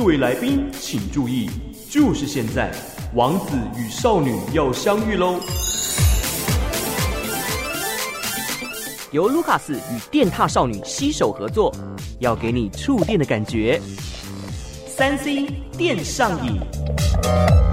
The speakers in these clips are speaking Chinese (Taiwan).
各位來賓請注意，就是現在，王子與少女要相遇嘍！由盧卡斯與電踏少女攜手合作，要給你觸電的感覺。三 C 電上癮。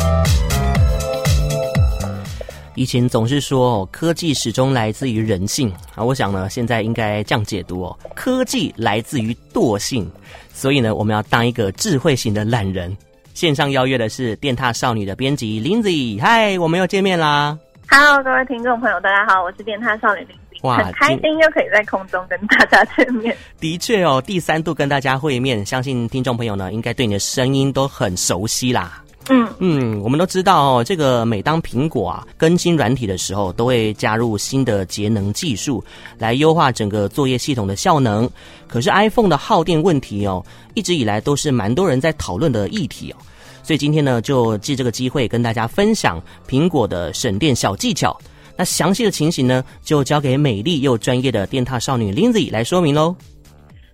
以前總是說，科技始終來自於人性啊，我想呢，現在應該這樣解讀哦，科技來自於惰性，所以呢，我們要當一個智慧型的懶人。線上邀約的是電獺少女的編輯 Lindsay，嗨，Hi, 我們又見面啦！Hello，各位聽眾朋友，大家好，我是電獺少女 Lindsay，哇，很開心又可以在空中跟大家見面。的確哦，第三度跟大家會面，相信聽眾朋友呢，應該對你的聲音都很熟悉啦。嗯嗯，我們都知道哦，這個每當蘋果啊更新軟體的時候，都會加入新的節能技術，來優化整個作業系統的效能。可是 iPhone 的耗電問題哦，一直以來都是蠻多人在討論的議題哦。所以今天呢，就借這個機會跟大家分享蘋果的省電小技巧。那詳細的情形呢，就交給美麗又專業的電塔少女 Lindsay 來說明嘍。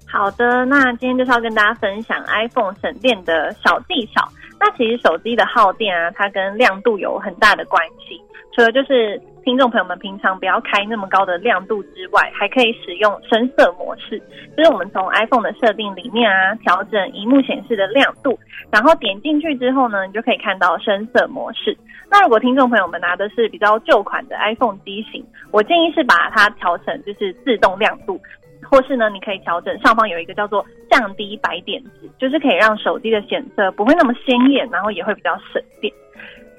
好的，那今天就是要跟大家分享 iPhone 省電的小技巧。它其實手機的耗電啊，它跟亮度有很大的關係。除了就是聽眾朋友們平常不要開那麼高的亮度之外，還可以使用深色模式。就是我們從 iPhone 的設定裡面啊，調整熒幕顯示的亮度，然後點進去之後呢，你就可以看到深色模式。那如果聽眾朋友們拿的是比較舊款的 iPhone 機型，我建議是把它調成就是自動亮度。或是呢，你可以調整，上方有一個叫做降低白點值，就是可以讓手機的顯色不會那麼鮮豔，然後也會比較省電。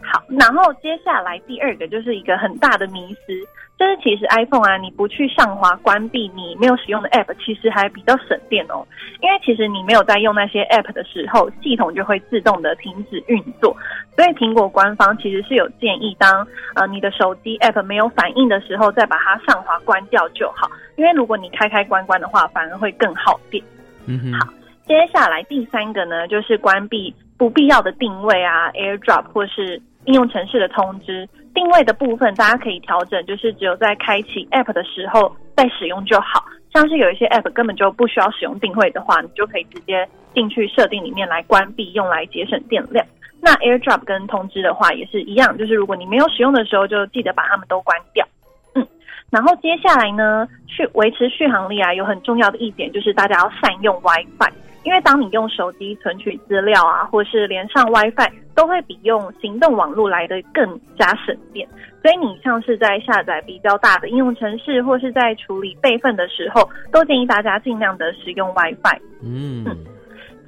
好，然後接下來第二個就是一個很大的迷思，就是其實 iPhone 啊，你不去上滑關閉你沒有使用的 App，其實還比較省電哦。因為其實你沒有在用那些 App 的時候，系統就會自動的停止運作。所以蘋果官方其實是有建議當，當呃你的手機 App 沒有反應的時候，再把它上滑關掉就好。因為如果你開開關關的話，反而會更耗電。嗯哼。好，接下來第三個呢，就是關閉不必要的定位啊、AirDrop 或是。應用程式的通知、定位的部分，大家可以調整，就是只有在開啟 App 的時候再使用就好。像是有一些 App 根本就不需要使用定位的話，你就可以直接進去設定裡面來關閉，用來節省電量。那 AirDrop 跟通知的話也是一樣，就是如果你沒有使用的時候，就記得把它們都關掉。嗯，然後接下來呢，去維持續航力啊，有很重要的一點就是大家要善用 WiFi，因為當你用手機存取資料啊，或是連上 WiFi，都會比用行動網絡來得更加省電，所以你像是在下載比較大的應用程式或是在處理備份的時候，都建議大家盡量的使用 WiFi。嗯。嗯，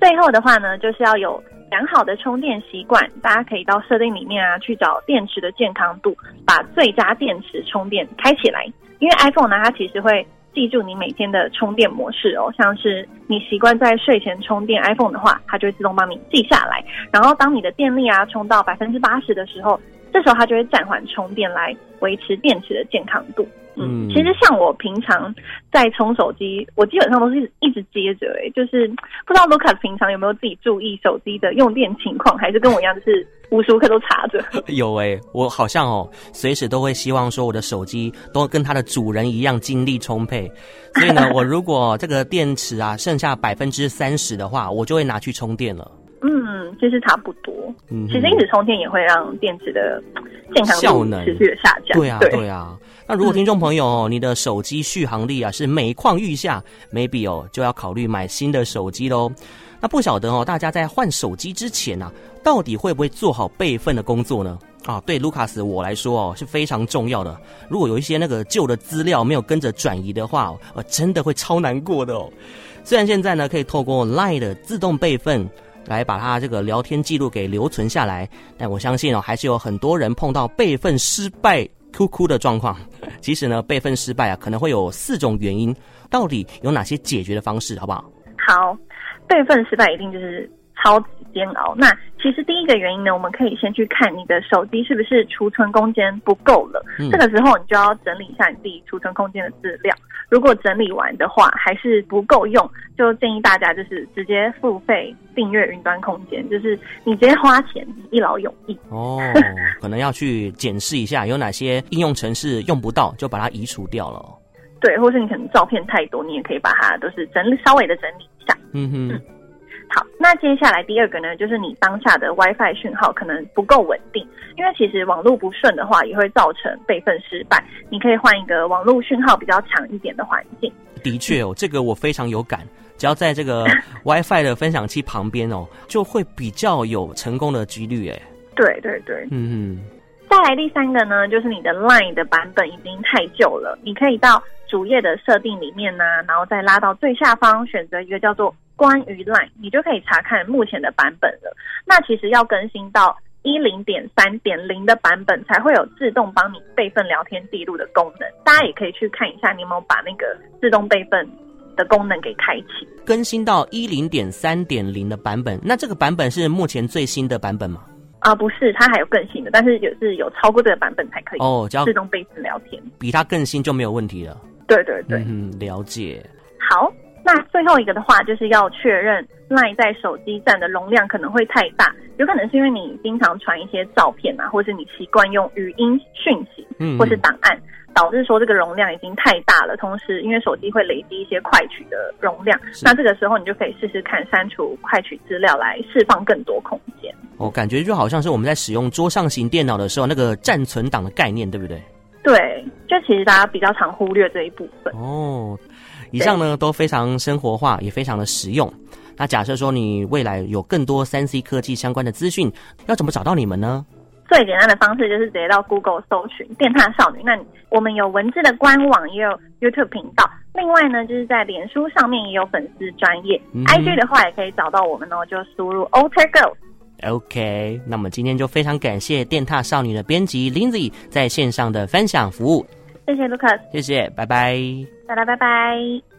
最後的話呢，就是要有良好的充電習慣，大家可以到設定裡面啊去找電池的健康度，把最佳電池充電開起來，因為 iPhone 呢，它其實會。記住你每天的充電模式哦，像是你習慣在睡前充電 iPhone 的話，它就會自動幫你記下來。然後當你的電力啊充到百分之八十的時候，這時候它就會暫緩充電來維持電池的健康度。嗯，其實像我平常在充手機，我基本上都是一直一直接着誒、欸，就是不知道盧卡斯平常有沒有自己注意手機的用電情況，還是跟我一樣就是無時無刻都插着。有誒、欸，我好像哦、喔，隨時都會希望說我的手機都跟它的主人一樣精力充沛，所以呢，我如果這個電池啊 剩下百分之三十的話，我就會拿去充電了。嗯，其、就、實、是、差不多、嗯。其實一直充電也會讓電池的健康效能持續的下降，對。對啊，對啊。那如果聽眾朋友、哦嗯，你的手機續航力啊是每況愈下，maybe 哦就要考慮買新的手機嘍。那不曉得哦，大家在換手機之前啊，到底會不會做好備份的工作呢？啊，對，Lucas 我來說哦是非常重要的。如果有一些那個舊的資料沒有跟着轉移的話，哦、啊，真的會超難過的哦。雖然現在呢可以透過 LINE 的自動備份。來把他這個聊天記錄給留存下來，但我相信哦，還是有很多人碰到備份失敗、哭哭的狀況。其實呢，備份失敗啊，可能會有四種原因，到底有哪些解決的方式，好不好？好，備份失敗一定就是。超級煎熬。那其實第一個原因呢，我們可以先去看你的手機是不是儲存空間不夠了，嗯。這個時候你就要整理一下你自己儲存空間的資料。如果整理完的話還是不夠用，就建議大家就是直接付費訂閱雲端空間，就是你直接花錢一勞永逸。哦， 可能要去檢視一下有哪些應用程式用不到，就把它移除掉了。對，或是你可能照片太多，你也可以把它都是整理稍微的整理一下。嗯哼。嗯好，那接下來第二個呢，就是你當下的 WiFi 訊號可能不夠穩定，因為其實網絡不順的話，也會造成備份失敗。你可以換一個網絡訊號比較強一點的環境。的確哦，這個我非常有感，嗯、只要在這個 WiFi 的分享器旁邊哦， 就會比較有成功的幾率。欸。哎，對對對，嗯嗯。再來第三個呢，就是你的 LINE 的版本已經太舊了，你可以到主頁的設定裡面呢，啊，然後再拉到最下方，選擇一個叫做。關於 LINE，你就可以查看目前的版本了。那其實要更新到一零點三點零的版本，才會有自動幫你備份聊天記錄的功能。大家也可以去看一下，你有沒有把那個自動備份的功能給開啟。更新到一零點三點零的版本，那這個版本是目前最新的版本嗎？啊，不是，它還有更新的，但是也是有超過這個版本才可以哦，叫自動備份聊天，哦、比它更新就沒有問題了。對對對，對，嗯，了解。好。那最後一個的話，就是要確認 LINE 在手機站的容量可能會太大，有可能是因為你經常傳一些照片啊，或是你習慣用語音訊息，嗯，或是檔案，導致說這個容量已經太大了。同時，因為手機會累積一些快取的容量，那這個時候你就可以試試看刪除快取資料來釋放更多空間。我、哦、感覺就好像是我們在使用桌上型電腦的時候，那個暫存檔的概念，對不對？對，就其實大家比較常忽略這一部分。哦。以上呢都非常生活化，也非常的實用。那假設說你未來有更多三 C 科技相關的資訊，要怎麼找到你們呢？最簡單的方式就是直接到 Google 搜尋電獺少女。那我們有文字的官網，也有 YouTube 頻道。另外呢，就是在臉書上面也有粉絲專頁、嗯，IG 的話也可以找到我們哦。就輸入 Aotter Girl。OK，那麼今天就非常感謝電獺少女的編輯 Lindsay 在線上的分享服務。謝謝 Lucas，謝謝，拜拜。拜拜，拜拜。